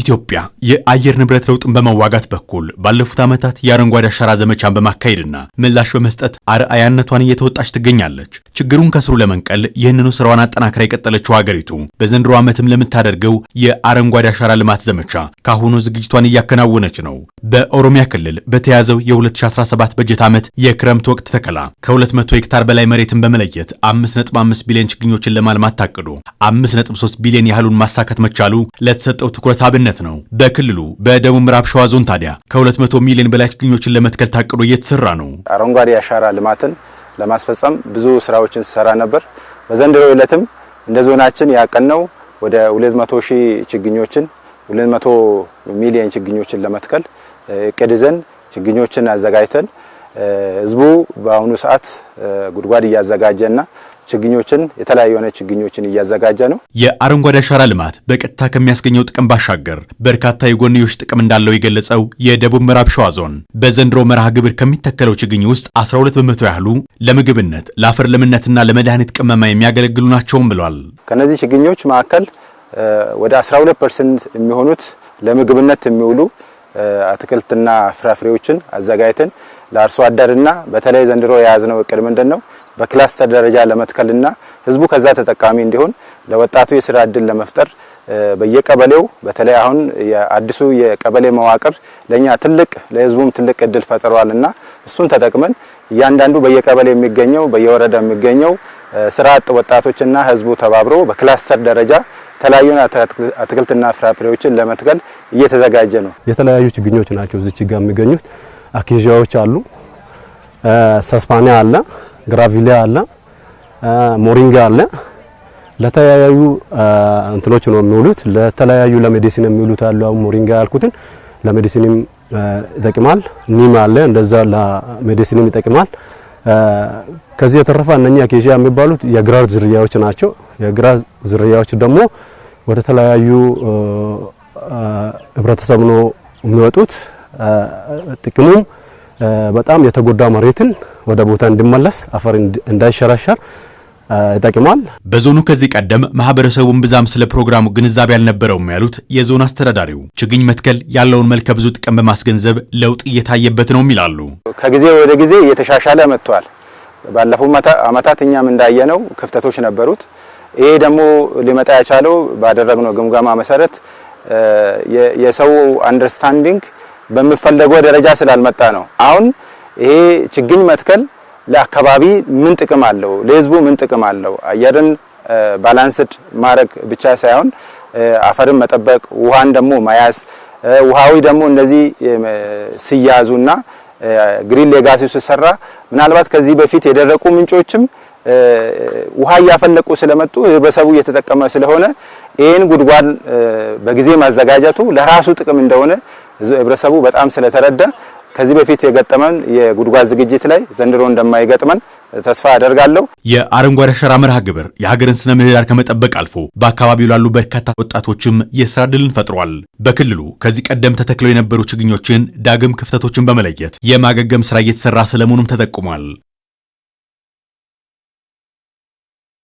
ኢትዮጵያ የአየር ንብረት ለውጥን በመዋጋት በኩል ባለፉት ዓመታት የአረንጓዴ አሻራ ዘመቻን በማካሄድና ምላሽ በመስጠት አርአያነቷን እየተወጣች ትገኛለች። ችግሩን ከስሩ ለመንቀል ይህንኑ ስራዋን አጠናክራ የቀጠለችው ሀገሪቱ በዘንድሮ ዓመትም ለምታደርገው የአረንጓዴ አሻራ ልማት ዘመቻ ከአሁኑ ዝግጅቷን እያከናወነች ነው። በኦሮሚያ ክልል በተያዘው የ2017 በጀት ዓመት የክረምት ወቅት ተከላ ከ200 ሄክታር በላይ መሬትን በመለየት 5.5 ቢሊዮን ችግኞችን ለማልማት ታቅዶ 5.3 ቢሊዮን ያህሉን ማሳካት መቻሉ ለተሰጠው ትኩረት አብን ኃላፊነት ነው። በክልሉ በደቡብ ምዕራብ ሸዋ ዞን ታዲያ ከ200 ሚሊዮን በላይ ችግኞችን ለመትከል ታቅዶ እየተሰራ ነው። አረንጓዴ አሻራ ልማትን ለማስፈጸም ብዙ ስራዎችን ሲሰራ ነበር። በዘንድሮ ዕለትም እንደ ዞናችን ነው ወደ 200 ሺህ ችግኞችን 200 ሚሊዮን ችግኞችን ለመትከል እቅድ ይዘን ችግኞችን አዘጋጅተን ህዝቡ በአሁኑ ሰዓት ጉድጓድ እያዘጋጀና ችግኞችን የተለያዩ የሆነ ችግኞችን እያዘጋጀ ነው። የአረንጓዴ አሻራ ልማት በቀጥታ ከሚያስገኘው ጥቅም ባሻገር በርካታ የጎንዮሽ ጥቅም እንዳለው የገለጸው የደቡብ ምዕራብ ሸዋ ዞን በዘንድሮ መርሃ ግብር ከሚተከለው ችግኝ ውስጥ 12 በመቶ ያህሉ ለምግብነት፣ ለአፈር ለምነትና ለመድኃኒት ቅመማ የሚያገለግሉ ናቸውም ብሏል። ከነዚህ ችግኞች መካከል ወደ 12 ፐርሰንት የሚሆኑት ለምግብነት የሚውሉ አትክልትና ፍራፍሬዎችን አዘጋጅተን ለአርሶ አደርና በተለይ ዘንድሮ የያዝነው እቅድ ምንድን ነው? በክላስተር ደረጃ ለመትከልና ህዝቡ ከዛ ተጠቃሚ እንዲሆን ለወጣቱ የስራ እድል ለመፍጠር በየቀበሌው በተለይ አሁን የአዲሱ የቀበሌ መዋቅር ለኛ ትልቅ ለህዝቡም ትልቅ እድል ፈጥሯልና እሱን ተጠቅመን እያንዳንዱ በየቀበሌ የሚገኘው በየወረዳ የሚገኘው ስራ አጥ ወጣቶችና ህዝቡ ተባብሮ በክላስተር ደረጃ የተለያዩ አትክልትና ፍራፍሬዎችን ለመትከል እየተዘጋጀ ነው። የተለያዩ ችግኞች ናቸው እዚህ ጋር የሚገኙት። አኪዣዎች አሉ፣ ሰስፓኒያ አለ ግራቪሊያ አለ፣ ሞሪንጋ አለ። ለተለያዩ እንትኖች ነው የሚውሉት። ለተለያዩ ለሜዲሲን የሚውሉት አሉ። አሁን ሞሪንጋ ያልኩትን ለሜዲሲንም ይጠቅማል። ኒም አለ እንደዛ ለሜዲሲንም ይጠቅማል። ከዚህ የተረፈ እነኛ ኬሻ የሚባሉት የግራር ዝርያዎች ናቸው። የግራር ዝርያዎች ደግሞ ወደ ተለያዩ ህብረተሰብ ነው የሚወጡት። ጥቅሙም በጣም የተጎዳ መሬትን ወደ ቦታ እንዲመለስ አፈር እንዳይሸራሸር ይጠቅማል። በዞኑ ከዚህ ቀደም ማህበረሰቡን ብዛም ስለ ፕሮግራሙ ግንዛቤ አልነበረውም ያሉት የዞን አስተዳዳሪው ችግኝ መትከል ያለውን መልከ ብዙ ጥቅም በማስገንዘብ ለውጥ እየታየበት ነው ይላሉ። ከጊዜ ወደ ጊዜ እየተሻሻለ መጥቷል። ባለፉት ዓመታት እኛም እንዳየነው ክፍተቶች ነበሩት። ይሄ ደግሞ ሊመጣ ያቻለው ባደረግነው ግምገማ መሰረት የሰው አንደርስታንዲንግ በሚፈለገው ደረጃ ስላልመጣ ነው። አሁን ይሄ ችግኝ መትከል ለአካባቢ ምን ጥቅም አለው? ለህዝቡ ምን ጥቅም አለው? አየርን ባላንስድ ማድረግ ብቻ ሳይሆን አፈርን መጠበቅ፣ ውሃን ደግሞ መያዝ ውሃዊ ደግሞ እንደዚህ ሲያዙና ግሪን ሌጋሲ ሲሰራ ምናልባት ከዚህ በፊት የደረቁ ምንጮችም ውሃ እያፈለቁ ስለመጡ ህብረተሰቡ እየተጠቀመ ስለሆነ ይህን ጉድጓድ በጊዜ ማዘጋጀቱ ለራሱ ጥቅም እንደሆነ ህብረተሰቡ በጣም ስለተረዳ ከዚህ በፊት የገጠመን የጉድጓድ ዝግጅት ላይ ዘንድሮ እንደማይገጥመን ተስፋ አደርጋለሁ። የአረንጓዴ አሻራ መርሃ ግብር የሀገርን ስነ ምህዳር ከመጠበቅ አልፎ በአካባቢው ላሉ በርካታ ወጣቶችም የስራ ድልን ፈጥሯል። በክልሉ ከዚህ ቀደም ተተክለው የነበሩ ችግኞችን ዳግም ክፍተቶችን በመለየት የማገገም ስራ እየተሰራ ስለመሆኑም ተጠቁሟል።